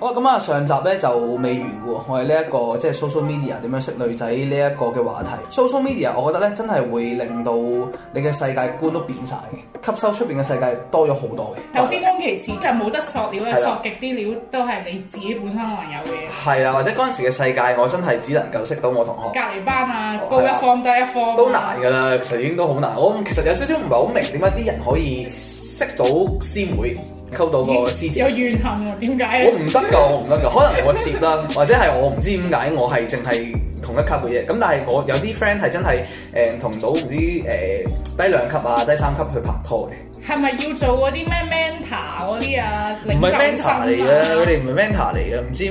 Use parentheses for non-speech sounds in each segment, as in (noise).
好啊！咁啊、哦嗯，上集咧就未完喎，我係呢一個即係 social media 點樣識女仔呢一個嘅話題。social media，我覺得咧真係會令到你嘅世界觀都變晒嘅，吸收出邊嘅世界多咗好多嘅。頭先當其時即係冇得索料嘅，的索極啲料都係你自己本身還有嘅。係啦，或者嗰陣時嘅世界，我真係只能夠識到我同學隔籬班啊，高一方、哦、低一方、啊、都難噶啦，其實已經都好難。我其實有少少唔係好明點解啲人可以識到師妹。溝到個師姐、欸、有怨恨喎？點解？我唔得噶，我唔得噶。可能我接啦， (laughs) 或者係我唔知點解，我係淨係同一級嘅嘢。咁但係我有啲 friend 係真係誒、嗯、同到啲誒低兩級啊、低三級去拍拖嘅。係咪要做嗰啲咩 mentor 嗰啲啊？唔係 mentor 嚟嘅，佢哋唔係 mentor 嚟嘅，唔知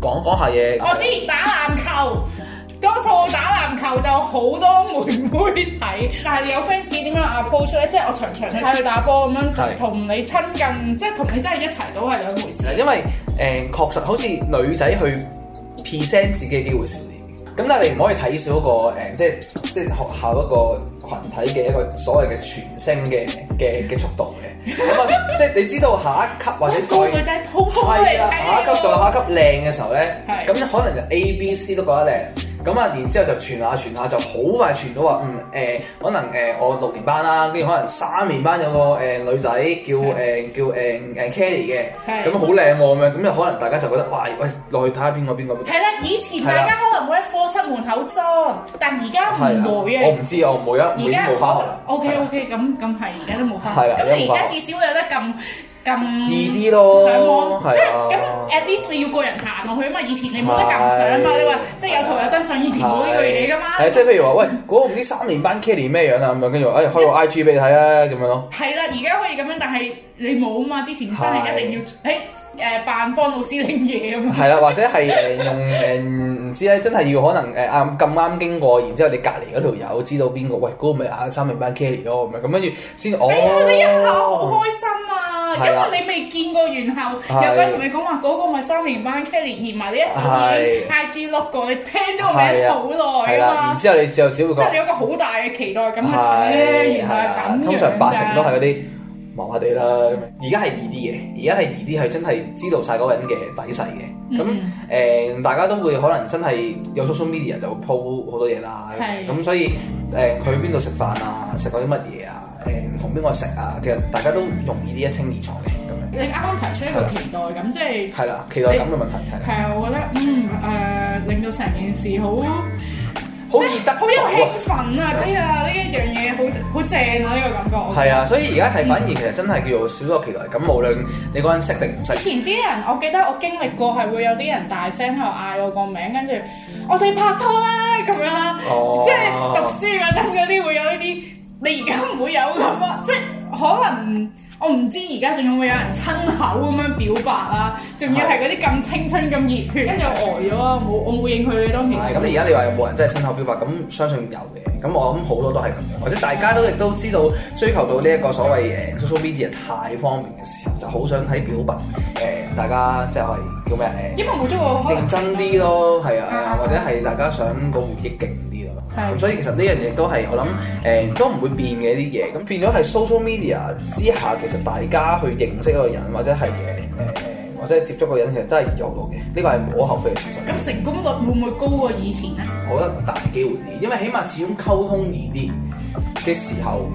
講講下嘢。我之前但打籃球。我打籃球就好多妹妹睇，但係有 fans 點樣啊，approach 咧？即係我長長咧睇佢打波咁樣，同你親近，是即係同佢真係一齊都係兩回事啦。因為誒、嗯、確實好似女仔去 present 自己嘅機會少啲，咁但係你唔可以睇少一個誒、嗯，即係即係學校一個群體嘅一個所謂嘅全聲嘅嘅嘅速度嘅。咁啊， (laughs) 即係你知道下一級或者再係 (laughs) 啊，下一級再下一級靚嘅時候咧，咁是可能就 A、B、C 都覺得靚。咁啊，然之後就傳下傳下，就好快傳到話，嗯誒、呃，可能誒、呃、我六年班啦，跟住可能三年班有個誒、呃、女仔叫誒是叫誒誒 Kelly 嘅，咁好靚喎咁樣，啊，咁又可能大家就覺得哇，喂落去睇下邊個邊個邊係啦， (noise) 以前大家可能會喺課室門口裝，但而家唔會啊。我唔知哦，冇一冇冇返學。O K O K，咁咁係而家都冇返學。係你而家至少會有得咁。Okay, okay, (noise) 咁易啲咯，上網，即係咁 at least 你要個人行落去啊嘛！以前你冇得撳上啊嘛！你話即係有圖有真相，以前冇呢句嘢噶嘛？誒，即係譬如話，喂，嗰個唔知三年班 Kelly 咩樣啊？咁樣跟住話，哎，開個 IG 俾你睇啊，咁樣咯。係啦，而家可以咁樣，但係你冇啊嘛！之前真係一定要誒誒辦方老師拎嘢咁。係啦，或者係誒用誒唔知咧，真係要可能誒啱咁啱經過，然之後你隔離嗰條友知道邊個，喂，嗰個咪係三年班 Kelly 咯咁樣，咁跟住先哦。哎呀，你一下好開心。因為你未見過完後，有個人同你講話嗰個咪三年班 Kelly 嫌埋你一撮嘢，IG 六個，你聽咗個名好耐咯。然之後、啊啊啊、後你就只會覺得有個好大嘅期待咁，去係通常八成都係嗰啲麻麻地啦。而家係二 D 嘅，而家係二 D 係真係知道晒嗰個人嘅底細嘅。咁誒、嗯呃，大家都會可能真係有 social media 人就會 po 好多嘢啦。咁是所以誒，佢去邊度食飯啊？食過啲乜嘢啊？誒唔同邊個食啊？其實大家都容易啲一清二楚嘅咁樣。你啱啱提出一個期待咁，是啊、即係係啦，期待感嘅問題係。係你啊，啊，我覺得嗯誒、呃，令到成件事好、啊、好熱得，好有興奮啊！真係哇啊，呢一樣嘢好好正啊！呢、呢個感覺。係啊，所以而家係反而其實真係叫做少咗期待。咁、嗯、無論你嗰陣識定唔識。以前啲人，我記得我經歷過係會有啲人大聲喺度嗌我個名，跟住我哋拍拖啦咁樣啦，即係、哦、讀書嗰陣嗰啲會有呢啲。你而家唔會有咁即係可能我唔知而家仲有冇有人親口咁樣表白啊？仲要係嗰啲咁青春、咁 (laughs) 熱血，跟住 (laughs) 呆咗，冇 (laughs) 我冇應佢咯。平時咁 (laughs) 你而家你話有冇人真係親口表白？咁相信有嘅。咁我諗好多都係咁樣，或者大家都亦都知道追求到呢一個所謂誒，social media 太方便嘅時候，就好想睇表白誒、呃，大家即係叫咩誒？因為冇咗個可能，認真啲咯，係 (laughs) 啊，或者係大家想講回憶極,極。咁、嗯、所以其實呢樣嘢都係我諗誒都唔會變嘅啲嘢，咁變咗係 social media 之下，其實大家去認識一個人或者係誒、呃、或者接觸個人其實真係容易好多嘅，呢、這個係冇可厚非嘅事實。咁成功率會唔會高過以前咧？我覺得大機會啲，因為起碼始終溝通易啲嘅時候，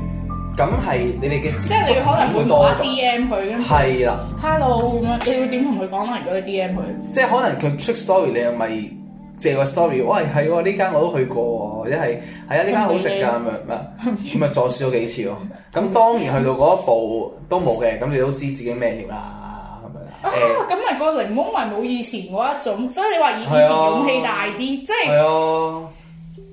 咁係你哋嘅即係你可能會，會多 DM 佢，係啦的，hello 咁樣，你會點同佢講咧？如果你 DM 佢，即係可能佢出 story，你係咪？借個 story，喂係喎，呢間我都去過喎，或者係係啊呢間好食㗎咁樣，咁咪再試咗幾次咯。咁當然去到嗰一步都冇嘅，咁你都知自己咩料啦，咁樣。啊，咁咪、 (laughs) 啊個檸檬咪冇以前嗰一種，所以你話以前勇氣大啲，即係。係啊。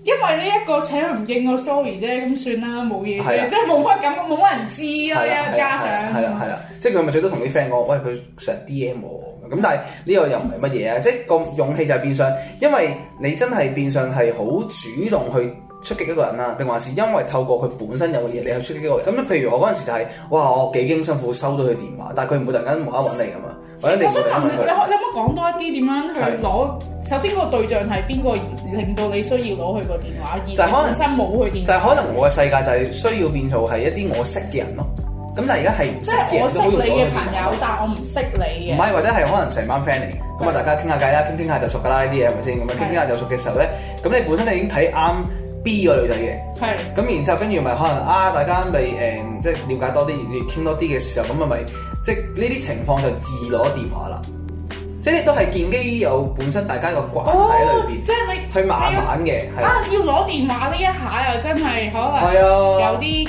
因為呢一個請唔應個 sorry 啫，咁算啦，冇嘢啫，啊、即係冇乜感覺，冇乜人知咯、啊。加上係啊係家啊，啊，啊，啊，啊，即係佢咪最多同啲 friend 講，喂，佢成日 DM 我咁，啊、但係呢個又唔係乜嘢啊， (laughs) 即係個勇氣就係變相，因為你真係變相係好主動去出擊一個人啦，定還是因為透過佢本身有嘅嘢，你去出擊一個人。咁咧，譬如我嗰陣時就係、是，哇，我幾經辛苦收到佢電話，但係佢唔會突然間無啦啦揾你噶嘛，或者你，你我想問，你，問你，你可唔可以講多一啲點樣去攞是？首先個對象係邊個令到你需要攞佢個電話？就可能身冇佢電話。就可能，就係可能我嘅世界就係需要變做係一啲我識嘅人咯。咁但係而家係即係我識你嘅朋友，但我唔識你嘅。唔係，或者係可能成班 friend 嚟，咁啊大家傾下偈啦，傾傾下就熟噶啦，呢啲嘢係咪先咁樣傾傾下就熟嘅時候咧？咁的你本身你已經睇啱 B 個女仔嘅，係的。咁然之後跟住咪可能啊，大家咪誒即係了解多啲，要傾多啲嘅時候，咁啊咪即係呢啲情況就自攞電話啦。即係都係電機有本身，大家個關係喺裏邊，即係你去慢慢嘅。啊，要攞電話呢一下又真係可能有啲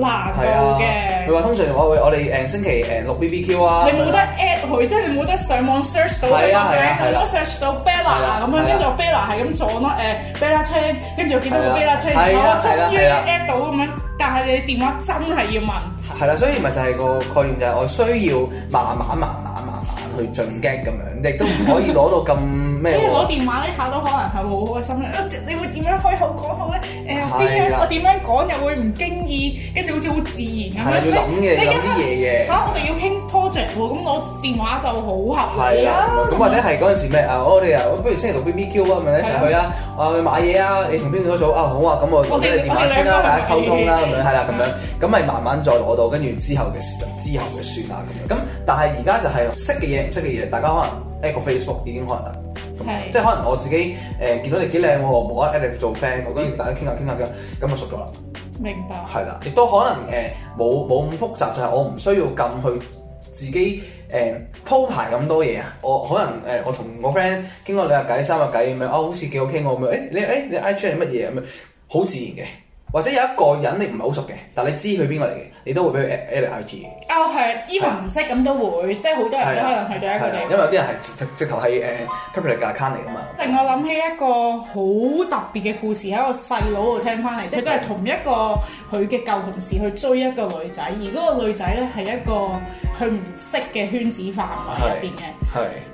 難度嘅。佢話通常我會我哋誒星期六 BBQ 啊，你冇得 at 佢，即係你冇得上網 search 到佢個名，冇得 search 到 Bella 咁樣。跟住我 Bella 係咁做咯，誒 Bella Chain，跟住我見到個 Bella Chain，好啊，終於 at 到咁樣。但係你電話真係要問。係啦，所以咪就係個概念就係我需要慢慢慢慢。去進擊咁樣，亦都唔可以攞到咁。跟住攞電話呢下都可能係會好開心啊！你會點樣開口講好咧？誒，我點樣我點樣講又會唔經意，跟住好似好自然咁啊！要諗嘅，諗啲嘢嘅。嚇！我哋要傾 project 喎，咁攞電話就好合。係啊，咁或者係嗰陣時咩啊？我哋啊，不如星期六 B B Q 啊，咪一齊去啊！我去買嘢啊，你同邊個組啊？好啊，咁我哋電話先啦，大家溝通啦，咁樣係啦，咁樣咁咪慢慢再攞到，跟住之後嘅事就之後嘅算啦。咁，咁但係而家就係識嘅嘢唔識嘅嘢，大家可能喺個 Facebook 已經可能。即係可能我自己誒、呃、見到你幾靚喎，冇得 (music) a d 做 friend，我跟住大家傾下傾下咁，咁就熟咗啦。明白。係啦，亦都可能誒冇冇咁複雜，就係、是、我唔需要咁去自己誒、呃、鋪排咁多嘢、呃、啊。我可能誒我同我 friend 傾個兩日偈、三日偈咁啊，好似幾好傾喎咁誒，你誒、啊你，你，啊、你 I G 係乜嘢咁啊？好自然嘅。或者有一個人你唔係好熟嘅，但係你知佢邊個嚟嘅，你都會俾佢 LIG。哦，係，even 唔識咁都會，的即係好多人都可能係咁樣。因為有啲人直直頭係誒 private account 嚟㗎嘛。令我諗起一個好特別嘅故事喺我細佬度聽翻嚟，佢真係同一個佢嘅舊同事去追一個女仔，而嗰個女仔咧係一個佢唔識嘅圈子範圍入邊嘅。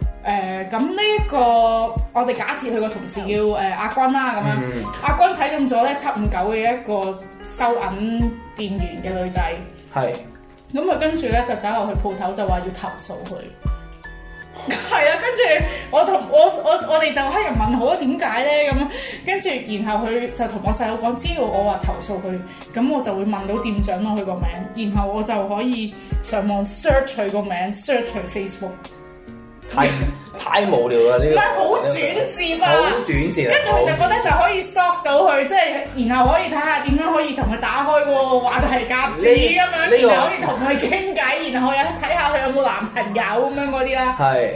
係。誒咁呢一個，我哋假設佢個同事叫誒、呃、阿君啦，咁樣、嗯、阿君睇中咗咧七五九嘅一個收銀店員嘅女仔，係咁佢跟住咧就走落去鋪頭就話要投訴佢，係 (laughs) 啊，跟住我同我我我哋就黑人問號啊，點解咧咁？跟住然後佢就同我細佬講，只要我話投訴佢，咁我就會問到店長攞佢個名，然後我就可以上網 search 佢個名，search 佢 Facebook。 (laughs) 太無聊啦！呢、這個唔係好轉折，好轉折，跟住佢就覺得就可以鎖到佢，即係然後可以睇下點樣可以同佢打開個話題夾子咁樣，然後可以同佢傾偈，這個、然後又睇下佢有冇男朋友咁樣嗰啲啦。係，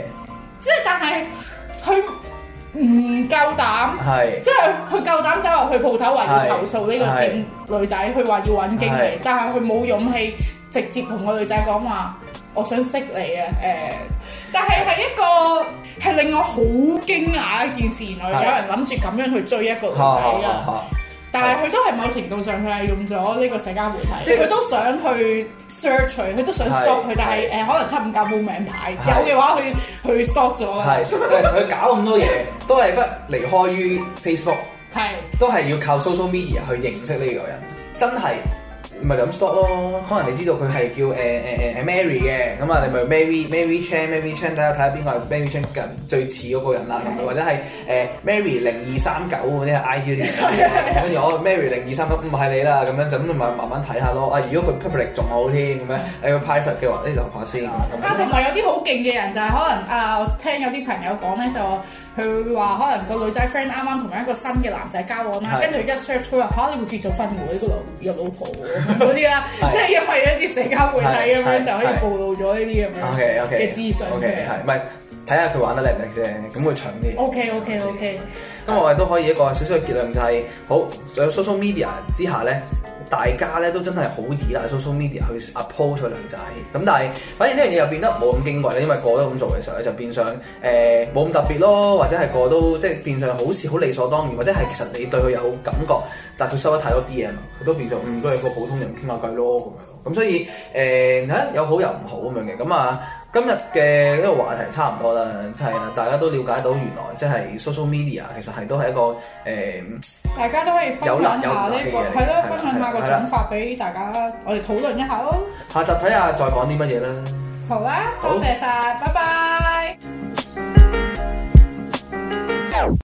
即係是但係佢唔夠膽，係是，即係佢夠膽走落去鋪頭話要投訴呢個店是女仔，佢話要揾經理，是但係佢冇勇氣直接同個女仔講話。我想識你啊，誒、欸，但係係一個係令我好驚訝一件事，原來有人諗住咁樣去追一個女仔啊！但係佢都係某程度上，佢係用咗呢個社交媒體，即係佢都想去 search 佢，佢都想 stalk 佢，但係誒、欸、可能七五趁冇名牌是有嘅話，佢去 stalk 咗啦。係佢 (laughs) 搞咁多嘢，都係不離開於 Facebook，係是都係要靠 social media 去認識呢個人，真係。唔係咁 stop 咯，可能你知道佢係叫誒誒誒 Mary 嘅，咁啊你咪 Mary Chan, Mary Chan，Mary Chan 睇下睇下邊個係 Mary Chan 近最似嗰個人啦，同埋或者係誒、uh, Mary 零二三九嗰啲 I D，跟住我 Mary 零二三九，唔係你啦，咁樣就咁咪慢慢睇下咯。啊，如果佢 public 仲好添咁樣，誒 private 嘅話，你留下先咁樣啊、就是。啊，同埋有啲好勁嘅人就係可能啊，聽有啲朋友講咧就。佢話可能個女仔 friend 啱啱同埋一個新嘅男仔交往啦，跟住佢一 search 出嚟嚇，你會結咗婚喎，呢個老有老婆嗰啲啦，即係 (laughs) 因為一啲社交媒體咁樣 (laughs) arrivé 明 cr Wow 就可以暴露咗呢啲咁樣嘅資訊。OK OK，唔係睇下佢玩得叻唔叻啫，咁會蠢啲。OK OK OK，今日我哋都可以一個小小嘅結論就係，好在 social media 之下咧。大家咧都真係好依賴 social media 去 approach 個女仔，咁，嗯，但係反而呢樣嘢又變得冇咁矜貴咧，因為個個都咁做嘅時候咧就變相誒冇咁特別咯，或者係個個都即係，就是，變相好似好理所當然，或者係其實你對佢有感覺，但係佢收得太多 D M，佢都變咗嗯都係個普通人傾下偈咯咁樣，咁所以誒嚇，呃啊，有好有唔好咁樣嘅咁啊。今日嘅呢個話題差唔多啦，係啦，大家都了解到原來即係 social media 其實係都係一個誒，呃，大家都可以有諗下呢個係咯，分享下個想法俾了大家，我哋討論一下咯。下集睇下再講啲乜嘢啦。好啦，多謝晒，拜拜好。Bye bye。